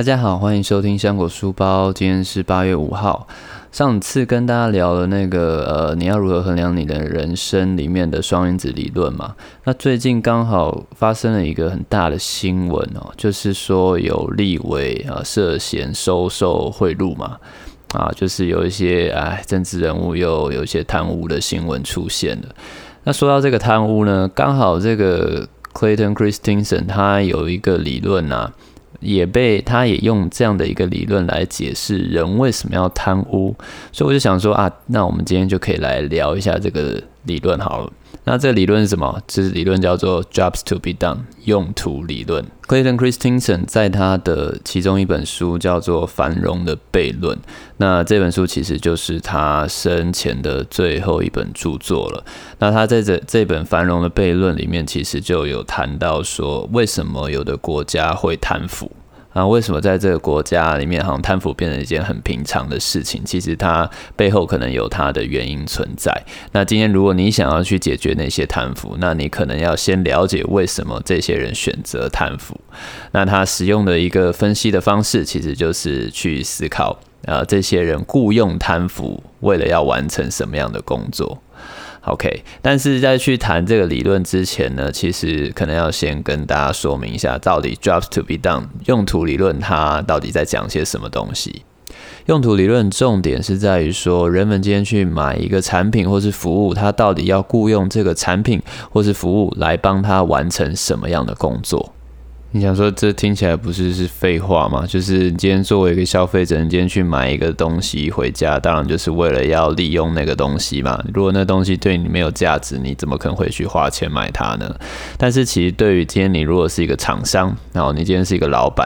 大家好，歡迎收聽香果書包。今天是八月五號。上次跟大家聊了那個呃，你要如何衡量你的人生裡面的雙因子理論嘛，那最近剛好發生了一個很大的新聞哦，就是說有立委啊涉嫌收受賄賂嘛，啊，就是有一些哎政治人物又有一些貪污的新聞出現了。那說到這個貪污呢，剛好這個 Clayton Christensen 他有一個理論啊。也被他也用這樣的一個理論來解釋人為什麼要貪污，所以我就想說啊，那我們今天就可以來聊一下這個理論好了。那這理論是什麼？這、就是、理論叫做 Jobs to be done 用途理論。Clayton Christensen 在他的其中一本書叫做《繁榮的悖論》。那這本書其實就是他生前的最後一本著作了。那他在這這本《繁榮的悖論》裡面，其實就有談到說，為什麼有的國家會貪腐。啊，為什麼在這個國家裡面，好像貪腐變成一件很平常的事情？其實它背後可能有它的原因存在。那今天如果你想要去解決那些貪腐，那你可能要先了解為什麼這些人選擇貪腐。那他使用的一個分析的方式，其實就是去思考，啊，這些人雇用貪腐，為了要完成什麼樣的工作。OK，但是在去談這個理論之前呢，其實可能要先跟大家說明一下，到底 jobs to be done 用途理論它到底在講些什麼東西？用途理論重點是在於說，人們今天去買一個產品或是服務，他到底要雇用這個產品或是服務來幫他完成什麼樣的工作？你想說，這聽起來不是是廢話嗎？就是你今天作為一個消費者，你今天去買一個東西回家，當然就是為了要利用那個東西嘛。如果那東西對你沒有價值，你怎麼可能會去花錢買它呢？但是其實對於今天你如果是一個廠商，然後你今天是一個老闆，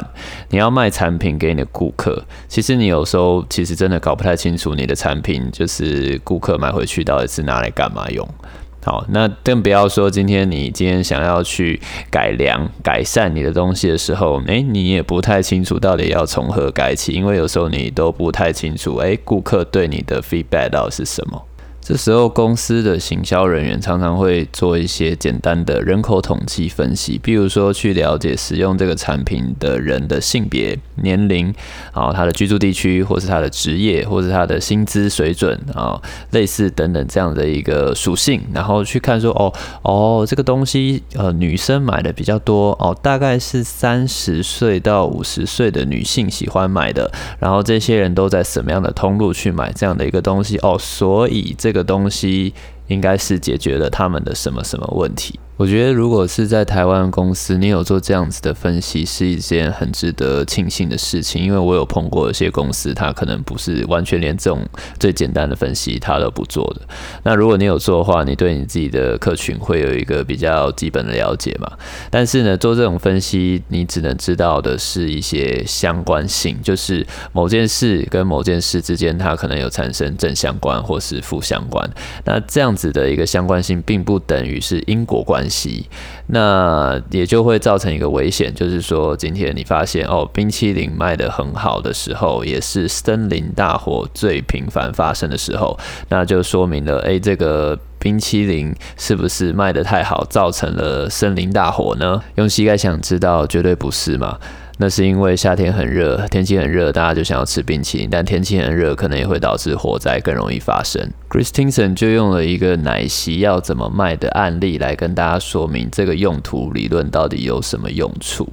你要賣產品給你的顧客，其實你有時候其實真的搞不太清楚你的產品，就是顧客買回去到底是拿來幹嘛用。好，那更不要說今天你今天想要去改良、改善你的東西的時候，哎、欸，你也不太清楚到底要從何改起，因為有時候你都不太清楚，哎、欸，顧客對你的 feedback 到底是什麼。這時候公司的行銷人員常常會做一些簡單的人口統計分析，比如說去了解使用這個產品的人的性別、年齡，然後他的居住地區，或是他的職業，或是他的薪資水準啊，類似等等這樣的一個屬性，然後去看說，哦，哦，這個東西呃女生買的比較多哦，大概是三十歲到五十歲的女性喜歡買的，然後這些人都在什麼樣的通路去買這樣的一個東西哦，所以這個。這個東西應該是解決了他們的什麼什麼問題？我覺得，如果是在台灣公司，你有做這樣子的分析，是一件很值得慶幸的事情。因為我有碰過一些公司，它可能不是完全連這種最簡單的分析它都不做的。那如果你有做的話，你對你自己的客群會有一個比較基本的了解嘛，但是呢，做這種分析，你只能知道的是一些相關性，就是某件事跟某件事之間，它可能有產生正相關或是負相關。那這樣子的一個相關性，並不等於是因果關。那也就會造成一個危險，就是說，今天你發現哦，冰淇淋賣得很好的時候，也是森林大火最頻繁發生的時候，那就說明了，誒，這個冰淇淋是不是賣得太好，造成了森林大火呢？用膝蓋想知道，絕對不是嘛。那是因為夏天很熱，天氣很熱，大家就想要吃冰淇淋。但天氣很熱，可能也會導致火災更容易發生。Christensen 就用了一個奶昔要怎麼賣的案例來跟大家說明這個用途理論到底有什麼用處。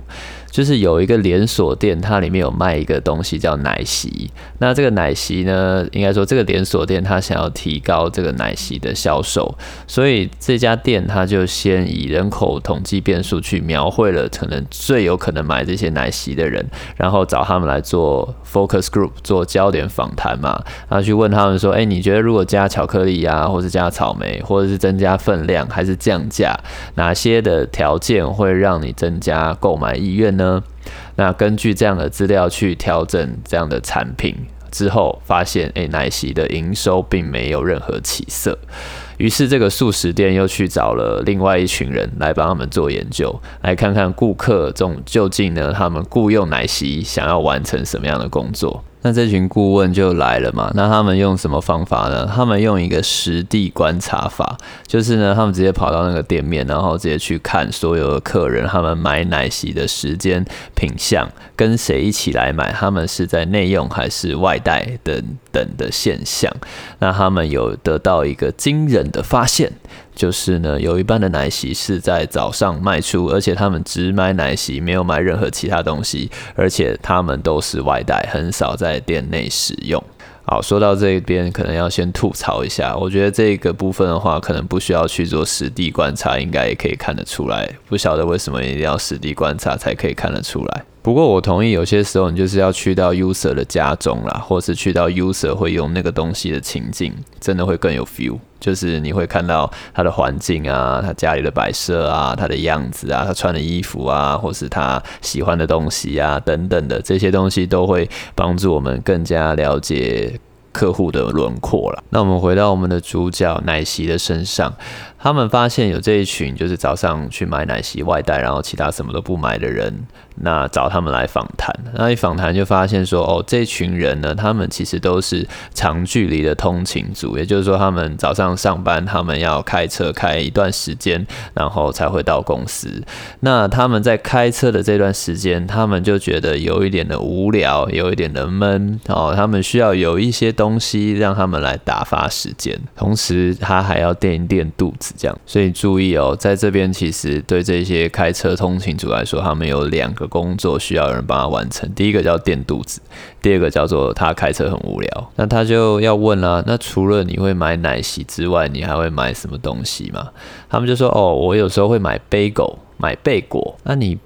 就是有一個連鎖店，它裡面有賣一個東西叫奶昔。那這個奶昔呢，應該說這個連鎖店它想要提高這個奶昔的銷售，所以這家店它就先以人口統計變數去描繪了可能最有可能買這些奶昔的人，然後找他們來做 focus group，做焦點訪談嘛，然後去問他們說，誒、欸，你覺得如果加巧克力呀、啊，或是加草莓，或者是增加分量，還是降價，哪些的條件會讓你增加購買意願呢？呢？那根據這樣的資料去調整這樣的產品之後，發現誒，奶昔的營收並沒有任何起色。於是這個速食店又去找了另外一群人來幫他們做研究，來看看顧客中究竟呢，他們雇傭奶昔想要完成什麼樣的工作。那這群顧問就來了嘛？那他們用什麼方法呢？他們用一個實地觀察法，就是呢，他們直接跑到那個店面，然後直接去看所有的客人，他們買奶昔的時間、品相、跟誰一起來買，他們是在內用還是外帶等等的現象。那他們有得到一個驚人的發現。就是呢，有一半的奶昔是在早上賣出，而且他們只買奶昔，沒有買任何其他東西，而且他們都是外帶，很少在店內使用。好，說到這一邊，可能要先吐槽一下，我覺得這個部分的話，可能不需要去做實地觀察，應該也可以看得出來。不曉得為什麼一定要實地觀察才可以看得出來。不過我同意，有些時候你就是要去到 user 的家中啦，或是去到 user 會用那個東西的情境，真的會更有 feel。就是你會看到他的環境啊，他家裡的擺設啊，他的樣子啊，他穿的衣服啊，或是他喜歡的東西啊等等的，這些東西都會幫助我們更加了解客戶的輪廓啦。那我們回到我們的主角奶昔的身上。他們發現有這一群，就是早上去買奶昔外帶，然後其他什麼都不買的人。那找他們來訪談，那一訪談就發現說，哦，這群人呢，他們其實都是長距離的通勤族，也就是說，他們早上上班，他們要開車開一段時間，然後才會到公司。那他們在開車的這段時間，他們就覺得有一點的無聊，有一點的悶，哦，他們需要有一些東西讓他們來打發時間，同時他還要墊一墊肚子。這樣，所以注意哦，在這邊其實對這些開車通勤族來說，他們有兩個工作需要有人幫他完成。第一個叫墊肚子，第二個叫做他開車很無聊。那他就要問啦、啊，那除了你會買奶昔之外，你還會買什麼東西嗎？’他們就說哦，我有時候會買貝果，買貝果。那、啊、你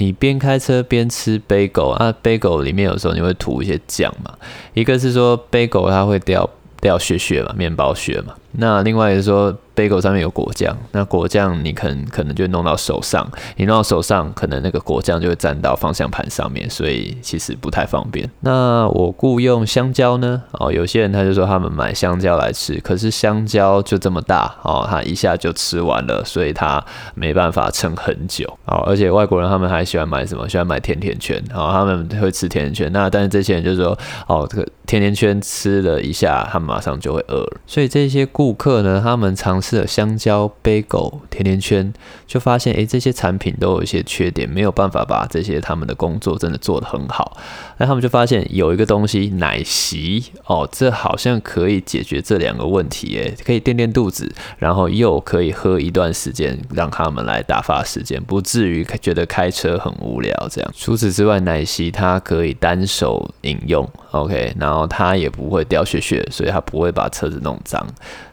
你邊開車邊吃貝果啊？貝果裡面有時候你會塗一些醬嘛？一個是說貝果它會掉掉屑屑嘛，麵包屑嘛。那另外一個是說。貝果上面有果醬，那果醬你肯可，可能就弄到手上，你弄到手上，可能那個果醬就會粘到方向盤上面，所以其實不太方便。那我雇用香蕉呢？哦，有些人他就說他們買香蕉來吃，可是香蕉就這麼大哦，他一下就吃完了，所以他沒辦法撐很久。哦，而且外國人他們還喜歡買什麼？喜歡買甜甜圈，好，哦，他們會吃甜甜圈。那但是這些人就說，哦，這個甜甜圈吃了一下，他馬上就會餓了。所以這些顧客呢，他們常，常。吃了香蕉、貝果、甜甜圈，就發現哎、欸，這些產品都有一些缺點，沒有辦法把這些他們的工作真的做得很好。那他們就發現有一個東西，奶昔哦，這好像可以解決這兩個問題，哎，可以墊墊肚子，然後又可以喝一段時間，讓他們來打發時間，不至於覺得開車很無聊這樣。除此之外，奶昔它可以單手飲用，OK，然後它也不會掉屑屑，所以它不會把車子弄髒。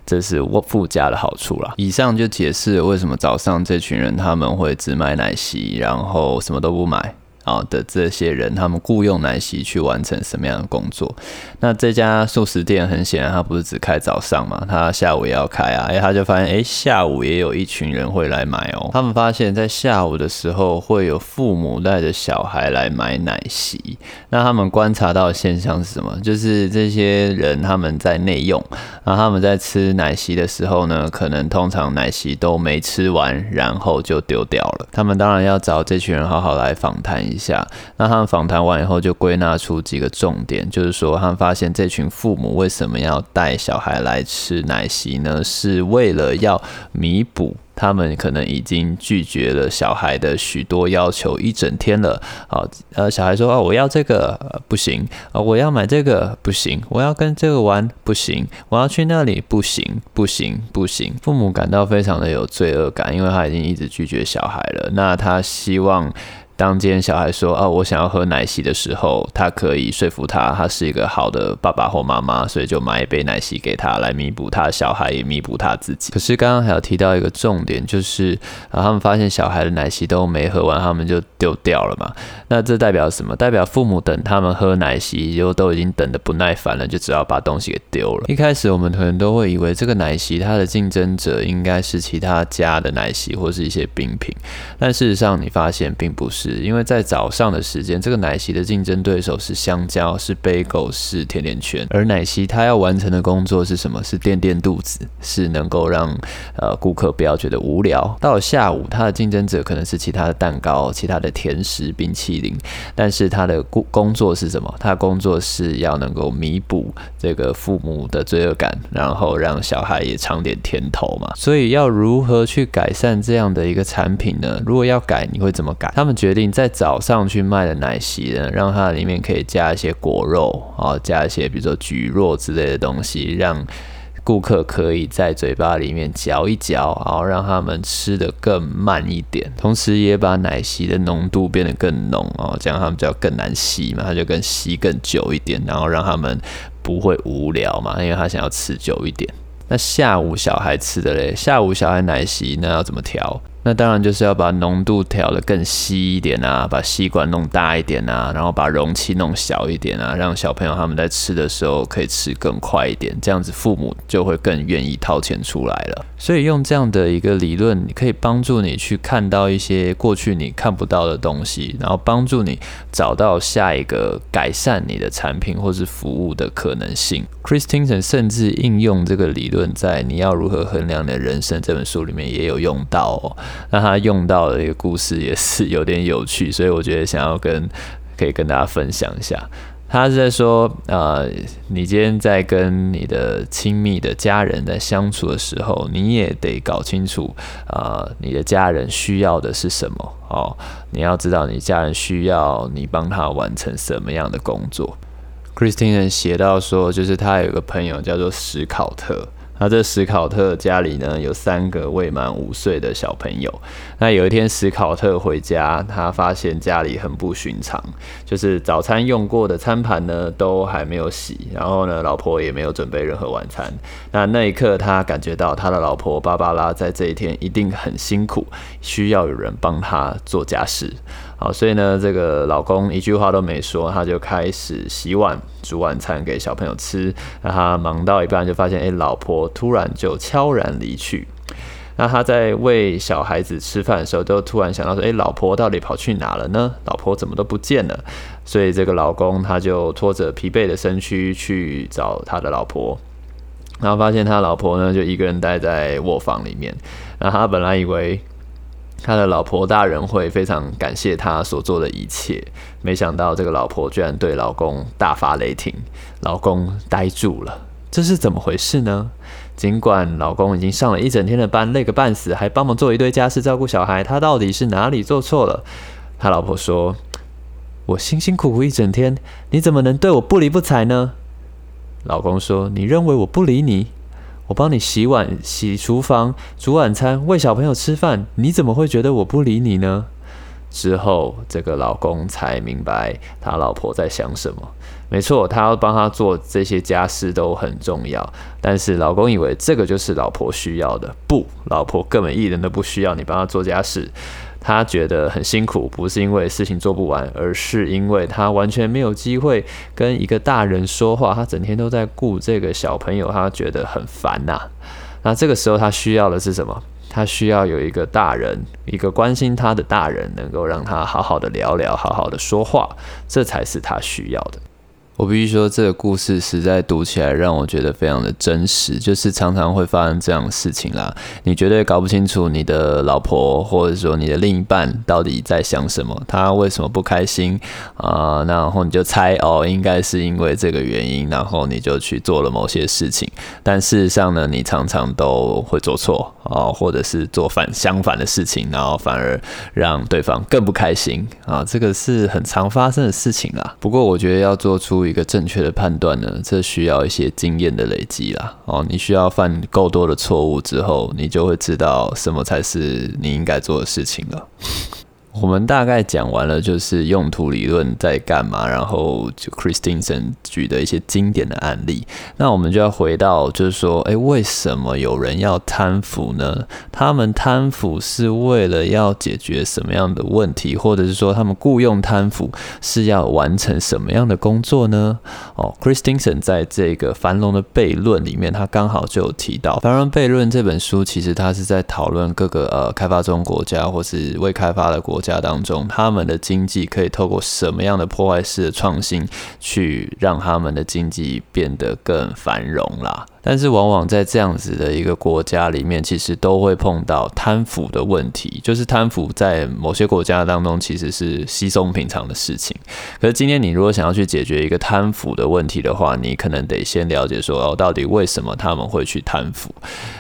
這是我附加的好處啦。以上就解釋為什麼早上這群人他們會只買奶昔，然後什麼都不買。好的這些人，他們雇傭奶昔去完成什麼樣的工作？那這家素食店很顯然，他不是只開早上嘛，他下午也要開啊，因、欸、他就發現，哎、欸，下午也有一群人會來買哦。他們發現，在下午的時候，會有父母帶着小孩來買奶昔。那他們觀察到的現象是什麼？就是這些人他們在內用，然後他們在吃奶昔的時候呢，可能通常奶昔都沒吃完，然後就丟掉了。他們當然要找這群人好好來訪談一下。一下，那他們訪談完以後，就歸納出幾個重點，就是說，他們發現這群父母為什麼要帶小孩來吃奶昔呢？是為了要彌補他們可能已經拒絕了小孩的許多要求一整天了。啊，呃，小孩說：“哦，我要這個、呃、不行，啊、哦，我要買這個不行，我要跟這個玩不行，我要去那裡不行，不行，不行。”父母感到非常的有罪惡感，因為他已經一直拒絕小孩了。那他希望。當今天小孩說：“哦，我想要喝奶昔”的時候，他可以說服他，他是一個好的爸爸或媽媽，所以就買一杯奶昔給他，來彌補他的小孩，也彌補他自己。可是剛剛還有提到一個重點，就是啊，他們發現小孩的奶昔都沒喝完，他們就丟掉了嘛。那這代表什麼？代表父母等他們喝奶昔，就都已經等得不耐煩了，就只好把東西給丟了。一開始我們可能都會以為這個奶昔它的競爭者應該是其他家的奶昔，或是一些冰品，但事實上你發現並不是。因為在早上的時間，這個奶昔的競爭對手是香蕉，是貝果，是甜甜圈，而奶昔它要完成的工作是什麼？是墊墊肚子，是能夠讓呃顧客不要覺得無聊。到了下午，它的競爭者可能是其他的蛋糕、其他的甜食、冰淇淋，但是它的工作是什麼？它的工作是要能夠彌補這個父母的罪惡感，然後讓小孩也嘗點甜頭嘛。所以要如何去改善這樣的一個產品呢？如果要改，你會怎麼改？他們覺得。在早上去賣的奶昔呢，讓它裡面可以加一些果肉哦，加一些比如說蒟蒻之類的東西，讓顧客可以在嘴巴裡面嚼一嚼，然後哦，讓他們吃得更慢一點，同時也把奶昔的濃度變得更濃哦，這樣他們就更難吸嘛，它就更吸更久一點，然後讓他們不會無聊嘛，因為他想要吃久一點。那下午小孩吃的嘞，下午小孩奶昔那要怎麼調？那當然就是要把濃度調得更稀一點啊，把吸管弄大一點啊，然後把容器弄小一點啊，讓小朋友他們在吃的時候可以吃更快一點，這樣子父母就會更願意掏錢出來了。所以用這樣的一個理論，你可以幫助你去看到一些過去你看不到的東西，然後幫助你找到下一個改善你的產品或是服務的可能性。Christensen 甚至應用這個理論在《你要如何衡量你的人生》這本書裡面也有用到哦。那他用到的一個故事也是有點有趣，所以我覺得想要跟可以跟大家分享一下。他是在說，呃，你今天在跟你的親密的家人在相處的時候，你也得搞清楚，呃，你的家人需要的是什麼哦。你要知道，你家人需要你幫他完成什麼樣的工作。Christensen 寫到說，就是他有個朋友叫做史考特。那這史考特家裡呢有三個未滿五歲的小朋友。那有一天史考特回家，他發現家裡很不尋常，就是早餐用過的餐盤呢都還沒有洗，然後呢老婆也沒有準備任何晚餐。那那一刻他感覺到他的老婆芭芭拉在這一天一定很辛苦，需要有人幫他做家事。好，所以呢，這個老公一句話都沒說，他就開始洗碗、煮晚餐給小朋友吃。那他忙到一半，就發現，哎，老婆突然就悄然離去。那他在餵小孩子吃飯的時候，都突然想到說，哎，老婆到底跑去哪了呢？老婆怎麼都不見了？所以這個老公他就拖着疲憊的身軀去找他的老婆，然後發現他老婆呢，就一個人待在臥房裡面。那他本來以為。他的老婆大人會非常感謝他所做的一切，沒想到這個老婆居然對老公大發雷霆，老公呆住了，這是怎麼回事呢？儘管老公已經上了一整天的班，累個半死，還幫忙做一堆家事，照顧小孩，他到底是哪裡做錯了？他老婆說：“我辛辛苦苦一整天，你怎麼能對我不理不睬呢？”老公說：“你認為我不理你？”我幫你洗碗、洗廚房、煮晚餐、餵小朋友吃飯，你怎麼會覺得我不理你呢？之後，這個老公才明白他老婆在想什麼。沒錯，他要幫他做這些家事都很重要，但是老公以為這個就是老婆需要的。不，老婆根本一點都不需要你幫他做家事。他覺得很辛苦，不是因為事情做不完，而是因為他完全沒有機會跟一個大人說話。他整天都在顧這個小朋友，他覺得很煩吶。那這個時候他需要的是什麼？他需要有一個大人，一個關心他的大人，能夠讓他好好的聊聊，好好的說話，這才是他需要的。我必須說，這個故事實在讀起來讓我覺得非常的真實，就是常常會發生這樣的事情啦。你絕對搞不清楚你的老婆或者說你的另一半到底在想什麼？他為什麼不開心啊？那、呃、然後你就猜哦，應該是因為這個原因，然後你就去做了某些事情。但事實上呢，你常常都會做錯哦、呃，或者是做反相反的事情，然後反而讓對方更不開心啊、呃。這個是很常發生的事情啦。不過我覺得要做出一個正確的判斷呢，這需要一些經驗的累積啦。哦，你需要犯夠多的錯誤之後，你就會知道什麼才是你應該做的事情了。我們大概講完了，就是用途理論在幹嘛，然後就 Christensen 舉的一些經典的案例。那我們就要回到，就是說，哎，為什麼有人要貪腐呢？他們貪腐是為了要解決什麼樣的問題，或者是說，他們雇用貪腐是要完成什麼樣的工作呢？哦，Christensen 在這個繁榮的悖論裡面，他剛好就有提到《繁榮悖論》這本書，其實他是在討論各個呃開發中國家或是未開發的國家。家當中，他們的經濟可以透過什麼樣的破壞式的創新，去讓他們的經濟變得更繁榮啦。但是，往往在這樣子的一個國家裡面，其實都會碰到貪腐的問題。就是貪腐在某些國家當中，其實是稀鬆平常的事情。可是，今天你如果想要去解決一個貪腐的問題的話，你可能得先了解說哦，到底為什麼他們會去貪腐？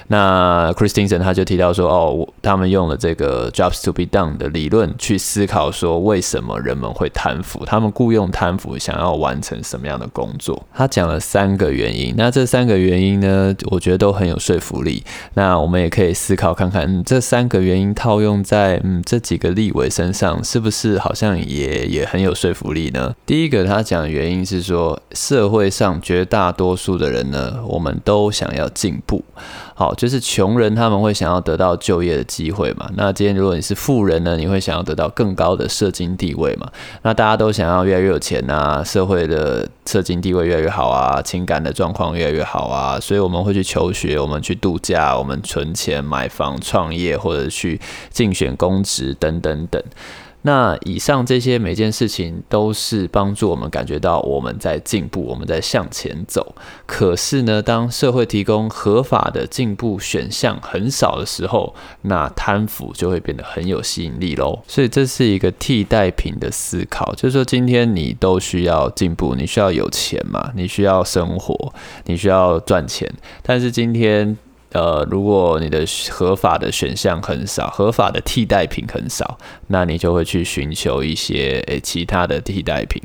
那 Christensen 他就提到說哦，他們用了這個 Jobs to be done 的理論去思考說，為什麼人們會貪腐？他們雇傭貪腐想要完成什麼樣的工作？他講了三個原因。那這三個原因。呢，我覺得都很有說服力。那我們也可以思考看看，嗯，這三個原因套用在嗯這幾個立委身上，是不是好像也也很有說服力呢？第一個，他講的原因是說，社會上絕大多數的人呢，我們都想要進步。好，就是窮人他們會想要得到就業的機會嘛。那今天如果你是富人呢，你會想要得到更高的社經地位嘛？那大家都想要越來越有錢啊，社會的社經地位越來越好啊，情感的狀況越來越好啊。所以我們會去求學，我們去度假，我們存錢買房，創業或者去競選公職等等等。那以上這些每件事情都是幫助我們感覺到我們在進步，我們在向前走。可是呢，當社會提供合法的進步選項很少的時候，那貪腐就會變得很有吸引力嘍。所以這是一個替代品的思考，就是說今天你都需要進步，你需要有錢嘛，你需要生活，你需要賺錢。但是今天，呃，如果你的合法的選項很少，合法的替代品很少。那你就會去尋求一些誒、欸、其他的替代品。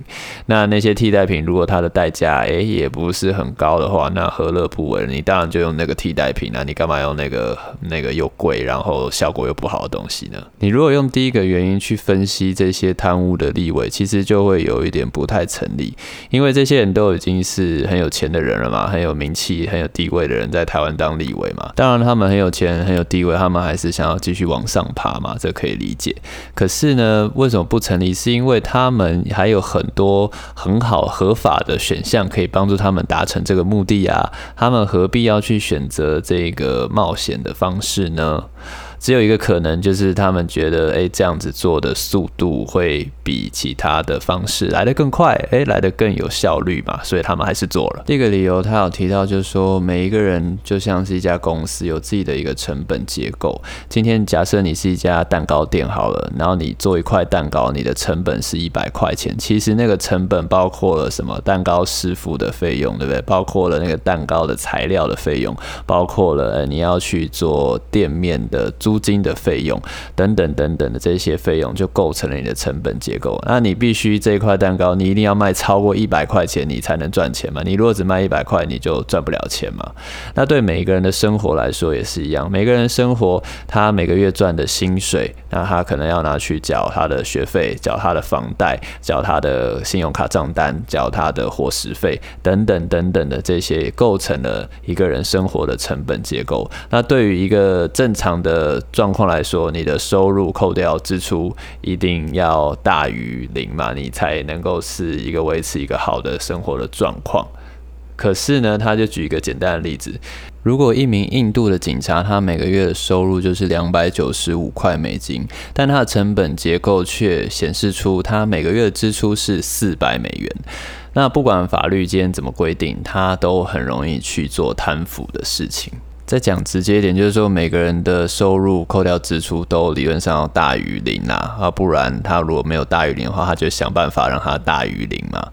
那那些替代品如果它的代價誒、欸、也不是很高的話，那何樂不為？你當然就用那個替代品那、啊、你幹嘛用那個那個又貴，然後效果又不好的東西呢？你如果用第一個原因去分析這些貪污的立委，其實就會有一點不太成立，因為這些人都已經是很有錢的人了嘛，很有名氣、很有地位的人在台灣當立委嘛。當然他們很有錢、很有地位，他們還是想要繼續往上爬嘛，這可以理解。可是呢，為什麼不成立？是因為他們還有很多很好合法的選項可以幫助他們達成這個目的啊，他們何必要去選擇這個冒險的方式呢？只有一個可能，就是他們覺得，哎、欸，這樣子做的速度會比其他的方式來得更快，哎、欸，來得更有效率嘛，所以他們還是做了。第、這個理由，他有提到，就是說，每一個人就像是一家公司，有自己的一個成本結構。今天假設你是一家蛋糕店好了，然後你做一塊蛋糕，你的成本是一百塊錢。其實那個成本包括了什麼？蛋糕師傅的費用，對不對？包括了那個蛋糕的材料的費用，包括了、欸、你要去做店面的租金的費用等等等等的這些費用，就構成了你的成本結構。那你必須這一塊蛋糕，你一定要賣超過一百塊錢，你才能賺錢嘛？你如果只賣一百塊，你就賺不了錢嘛。那對每一個人的生活來說也是一樣，每個人生活他每個月賺的薪水，那他可能要拿去繳他的學費，繳他的房貸，繳他的信用卡賬單，繳他的伙食費，等等等等的這些，構成了一個人生活的成本結構。那對於一個正常的狀況來說，你的收入扣掉支出一定要大於零嘛，你才能夠是一個維持一個好的生活的狀況。可是呢，他就舉一個簡單的例子，如果一名印度的警察，他每個月的收入就是兩百九十五塊美金，但他的成本結構卻顯示出他每個月的支出是四百美元。那不管法律間怎麼規定，他都很容易去做貪腐的事情。再講直接一點，就是說每個人的收入扣掉支出都理論上要大於零啊，啊，不然他如果沒有大於零的話，他就想辦法讓它大於零嘛。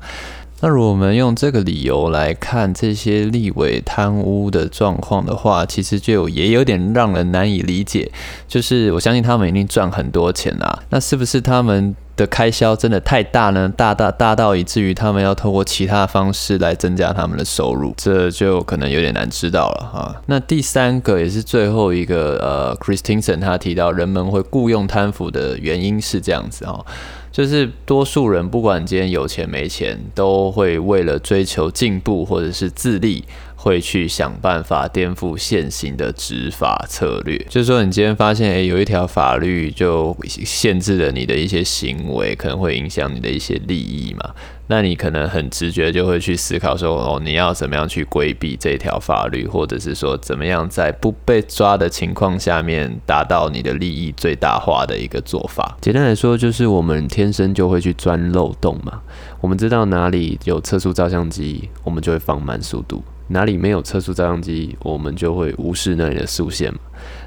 那如果我們用這個理由來看這些立委貪污的狀況的話，其實就有也有點讓人難以理解。就是我相信他們一定賺很多錢啊，那是不是他們？的開銷真的太大呢，大大大到以至於他們要透過其他方式來增加他們的收入，這就可能有點難知道了哈。那第三個也是最後一個，呃，Christensen 他提到人們會僱傭貪腐的原因是這樣子哦，就是多數人不管今天有錢沒錢，都會為了追求進步或者是自立。會去想辦法顛覆現行的執法策略，就是說，你今天發現，誒，有一條法律就限制了你的一些行為，可能會影響你的一些利益嘛。那你可能很直覺就會去思考說，哦，你要怎麼樣去規避這條法律，或者是說，怎麼樣在不被抓的情況下面，達到你的利益最大化的一個做法。簡單來說，就是我們天生就會去鑽漏洞嘛。我們知道哪裡有測速照相機，我們就會放慢速度。哪裡沒有測速照相機，我們就會無視那裡的速限。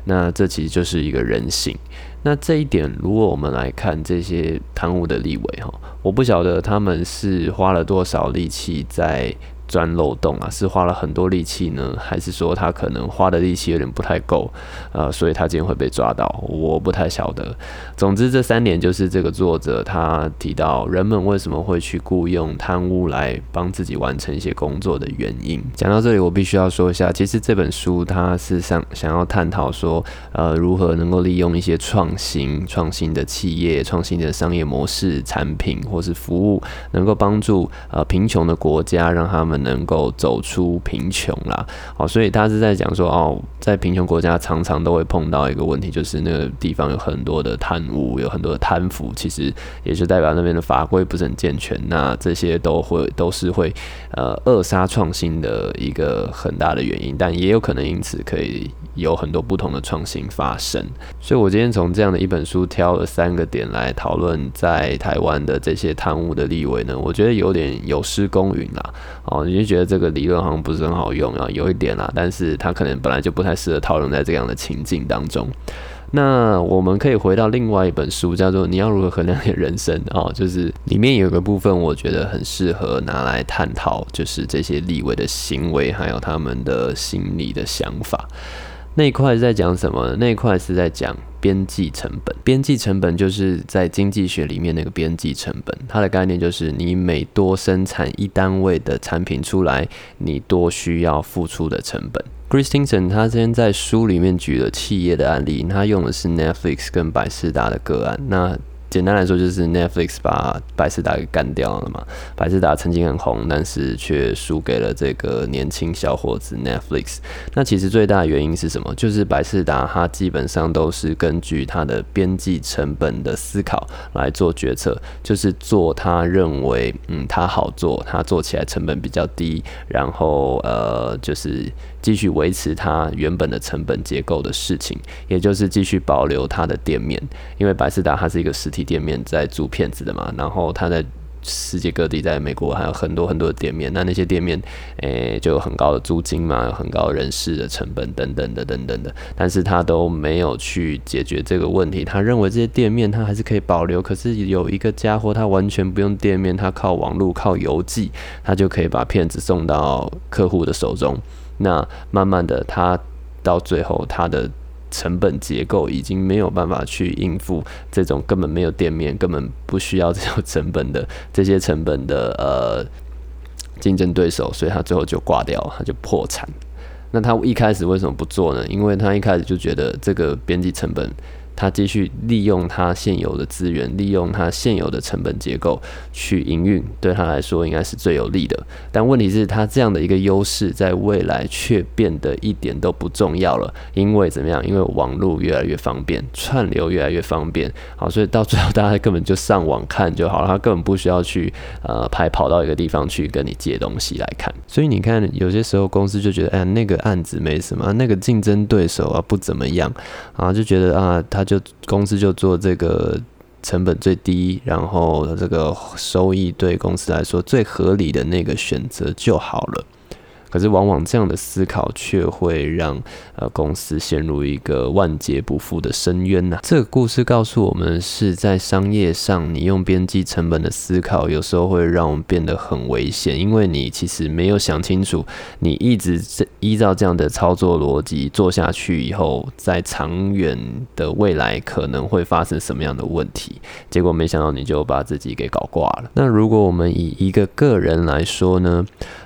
那這其實就是一個人性。那這一點，如果我們來看這些貪污的立委哈，我不曉得他們是花了多少力氣在。鑽漏洞啊，是花了很多力氣呢，還是說他可能花的力氣有點不太夠，呃，所以他今天會被抓到，我不太曉得。總之，這三點就是這個作者他提到人們為什麼會去雇用貪污來幫自己完成一些工作的原因。講到這裡，我必須要說一下，其實這本書他是想想要探討說，呃，如何能夠利用一些創新、創新的企業、創新的商業模式、產品或是服務，能夠幫助呃貧窮的國家讓他們。能夠走出貧窮啦，哦，所以他是在講說，哦，在貧窮國家常常都會碰到一個問題，就是那個地方有很多的貪污，有很多的貪腐，其實也是代表那邊的法規不是很健全，那這些都會都是會呃扼殺創新的一個很大的原因，但也有可能因此可以有很多不同的創新發生。所以，我今天從這樣的一本書挑了三個點來討論在台灣的這些貪污的立委呢，我覺得有點有失公允啦，哦。我就覺得這個理論好像不是很好用啊，有一點啦，但是它可能本來就不太適合套用在這樣的情境當中。那我們可以回到另外一本書，叫做《你要如何衡量你的人生》哦，就是裡面有個部分，我覺得很適合拿來探討，就是這些立委的行為，還有他們的心理的想法。那一塊是在講什麼？那一塊是在講邊際成本。邊際成本就是在經濟學裡面那個邊際成本，它的概念就是你每多生產一單位的產品出來，你多需要付出的成本。Christensen 他之前在書裡面舉了企業的案例，他用的是 Netflix 跟百視達的個案。那簡單來說，就是 Netflix 把百視達給幹掉了嘛。百視達曾經很紅，但是卻輸給了這個年輕小伙子 Netflix。那其實最大的原因是什麼？就是百視達它基本上都是根據它的邊際成本的思考來做決策，就是做他認為嗯它好做，它做起來成本比較低，然後呃就是。繼續維持它原本的成本結構的事情，也就是繼續保留它的店面，因為百事達它是一個實體店面在租騙子的嘛。然後它在世界各地，在美國還有很多很多的店面，那那些店面，誒、欸，就有很高的租金嘛，有很高人事的成本等等的等等的。但是它都沒有去解決這個問題，他認為這些店面他還是可以保留，可是有一個家伙他完全不用店面，他靠網絡靠郵寄，他就可以把騙子送到客戶的手中。那慢慢的，他到最後，他的成本結構已經沒有辦法去應付這種根本沒有店面，根本不需要這種成本的這些成本的呃競爭對手，所以他最後就掛掉，他就破產。那他一開始為什麼不做呢？因為他一開始就覺得這個邊際成本。他繼續利用他現有的資源，利用他現有的成本結構去營運，對他來說應該是最有利的。但問題是，他這樣的一個優勢，在未來卻變得一點都不重要了。因為怎麼樣？因為網絡越來越方便，串流越來越方便。好，所以到最後，大家根本就上網看就好了，他根本不需要去呃，拍跑到一個地方去跟你借東西來看。所以你看，有些時候公司就覺得，哎，那個案子沒什麼，那個競爭對手啊不怎麼樣啊，就覺得啊他。他就公司就做這個成本最低，然後這個收益對公司來說最合理的那個選擇就好了。可是，往往這樣的思考卻會讓呃公司陷入一個萬劫不復的深淵吶。這個故事告訴我們，是在商業上，你用邊際成本的思考，有時候會讓我們變得很危險，因為你其實沒有想清楚，你一直依照這樣的操作邏輯做下去以後，在長遠的未來可能會發生什麼樣的問題。結果沒想到，你就把自己給搞掛了。那如果我們以一個個人來說呢？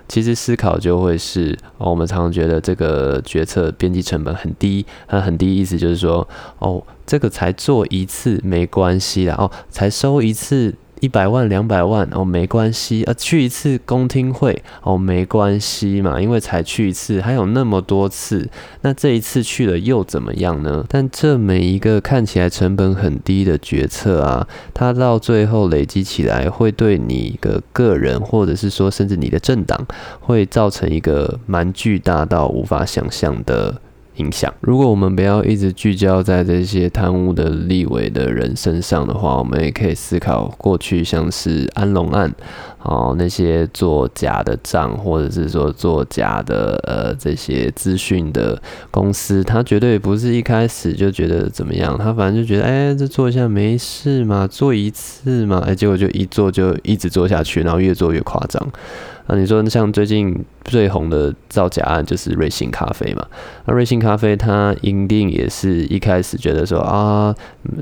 其實思考就會是，哦，我們常常覺得這個決策邊際成本很低，那很低，意思就是說，哦，這個才做一次沒關係啦，哦，才收一次。一百萬、兩百萬哦，沒關係啊，去一次公聽會哦，沒關係嘛，因為才去一次，還有那麼多次，那這一次去了又怎麼樣呢？但這每一個看起來成本很低的決策啊，它到最後累積起來，會對你一個個人，或者是說，甚至你的政黨，會造成一個蠻巨大到無法想象的。影響。如果我們不要一直聚焦在這些貪污的立委的人身上的話，我們也可以思考過去像是安隆案，哦，那些做假的賬或者是說做假的呃這些資訊的公司，他絕對不是一開始就覺得怎麼樣，他反正就覺得哎，這做一下沒事嘛，做一次嘛，哎，結果就一做就一直做下去，然後越做越誇張。那、啊、你說像最近最紅的造假案就是瑞幸咖啡嘛？那、啊、瑞幸咖啡它一定也是一開始覺得說啊，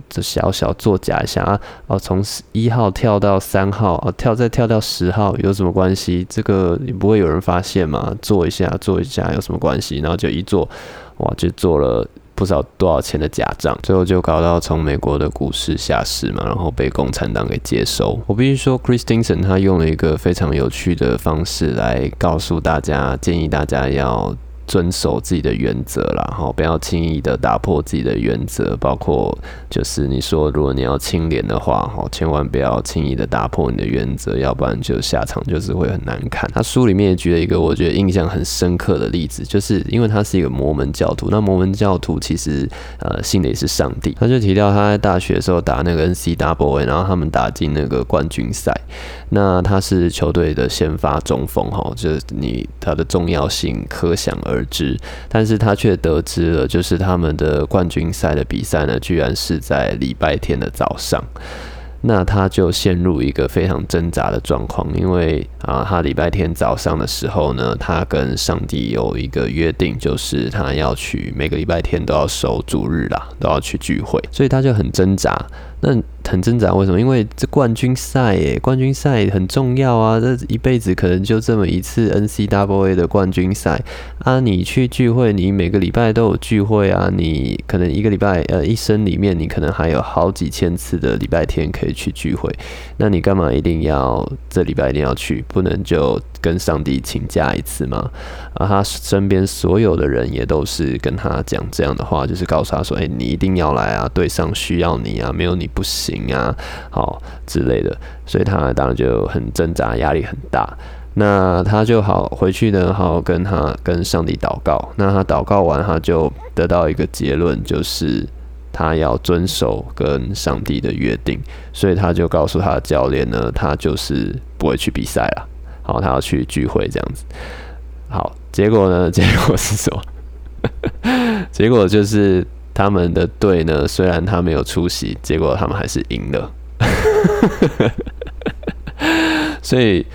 這、嗯、小小作假一下，想啊哦從一號跳到三號，哦、啊、跳再跳到十號有什麼關係？這個也不會有人發現嘛？做一下做一下有什麼關係？然後就一做，哇就做了。不少多少錢的假賬，最後就搞到從美國的股市下市嘛，然後被共產黨給接收。我必須說，Christensen 他用了一個非常有趣的方式來告訴大家，建議大家要。遵守自己的原則啦，不要輕易的打破自己的原則。包括就是你說，如果你要清廉的話，千萬不要輕易的打破你的原則，要不然就下場就是會很難看。他書裡面也舉了一個我覺得印象很深刻的例子，就是因為他是一個摩門教徒，那摩門教徒其實呃信的也是上帝。他就提到他在大學的時候打那個 NCAA，然後他們打進那個冠軍賽。那他是球隊的先發中鋒，就是你他的重要性可想而知，但是他卻得知了，就是他們的冠軍賽的比賽呢，居然是在禮拜天的早上。那他就陷入一個非常掙扎的狀況，因為啊，他禮拜天早上的時候呢，他跟上帝有一個約定，就是他要去每個禮拜天都要守主日啦，都要去聚會，所以他就很掙扎。那很掙扎為什麼？因為這冠軍賽，哎，冠軍賽很重要啊，這一輩子可能就這麼一次 NCAA 的冠軍賽啊，你去聚會，你每個禮拜都有聚會啊，你可能一個禮拜呃一生裡面，你可能還有好幾千次的禮拜天可以。去聚會，那你幹嘛一定要這禮拜一定要去？不能就跟上帝請假一次嗎？而、啊、他身邊所有的人也都是跟他講這樣的話，就是告訴他說：“哎、欸，你一定要來啊，對上需要你啊，沒有你不行啊，好之類的。”所以，他當然就很掙扎，壓力很大。那他就好回去呢，好好跟他跟上帝禱告。那他禱告完，他就得到一個結論，就是。他要遵守跟上帝的約定，所以他就告訴他的教練呢，他就是不會去比賽了。好，他要去聚會這樣子。好，結果呢？結果是什麼？ 結果就是他們的隊呢，雖然他沒有出席，結果他們還是贏了。 所以。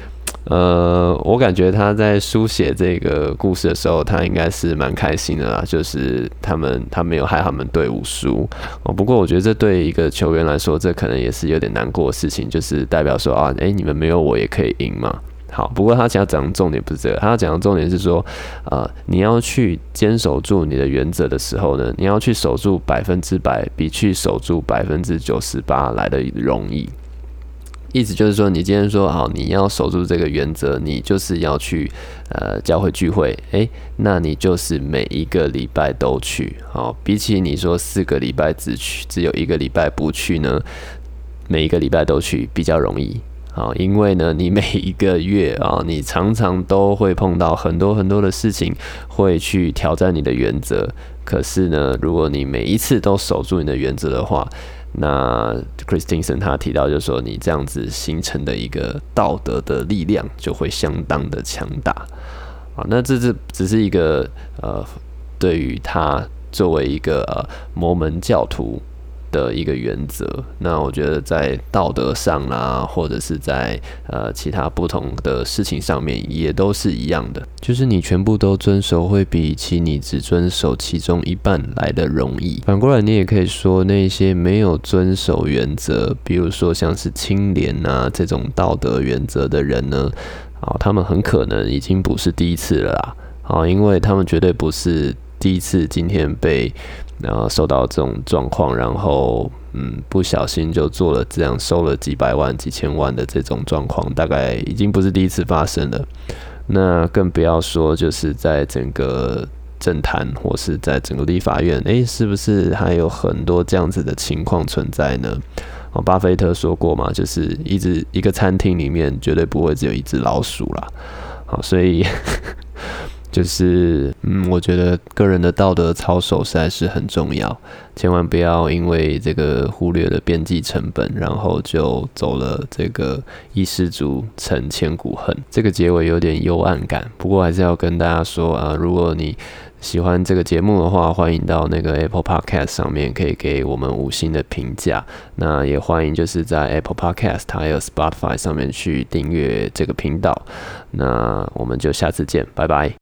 呃，我感覺他在書寫這個故事的時候，他應該是蠻開心的啦。就是他們，他沒有害他們隊伍輸哦。不過，我覺得這對一個球員來說，這可能也是有點難過的事情。就是代表說啊，哎、欸，你們沒有我也可以贏嘛。好，不過他想要講的重點不是這個，他要講的重點是說，呃，你要去堅守住你的原則的時候呢，你要去守住百分之百，比去守住百分之九十八來得容易。意思就是說，你今天說好，你要守住這個原則，你就是要去呃教會聚會。誒、欸，那你就是每一個禮拜都去。好，比起你說四個禮拜只去，只有一個禮拜不去呢，每一個禮拜都去比較容易。好，因為呢，你每一個月啊，你常常都會碰到很多很多的事情會去挑戰你的原則。可是呢，如果你每一次都守住你的原則的話，那 Christensen 他提到，就是說你這樣子形成的一個道德的力量，就會相當的強大啊。那這是只是一個呃，對於他作為一個呃摩門教徒。的一個原則，那我覺得在道德上啦、啊，或者是在呃其他不同的事情上面，也都是一樣的，就是你全部都遵守，會比起你只遵守其中一半來得容易。反過來，你也可以說那些沒有遵守原則，比如說像是清廉啊這種道德原則的人呢，啊，他們很可能已經不是第一次了啦。啊，因為他們絕對不是第一次今天被。然後受到這種狀況，然後嗯，不小心就做了這樣，收了幾百萬、幾千萬的這種狀況，大概已經不是第一次發生了。那更不要說，就是在整個政壇或是在整個立法院，誒，是不是還有很多這樣子的情況存在呢？巴菲特說過嘛，就是一隻一個餐廳裡面絕對不會只有一隻老鼠啦。好，所以。 就是，嗯，我覺得個人的道德操守實在是很重要，千萬不要因為這個忽略了邊際成本，然後就走了。這個一失足成千古恨，這個結尾有點幽暗感。不過還是要跟大家說啊，如果你喜歡這個節目的話，歡迎到那個 Apple Podcast 上面可以給我們五星的評價，那也歡迎就是在 Apple Podcast 還有 Spotify 上面去訂閱這個頻道。那我們就下次見，拜拜。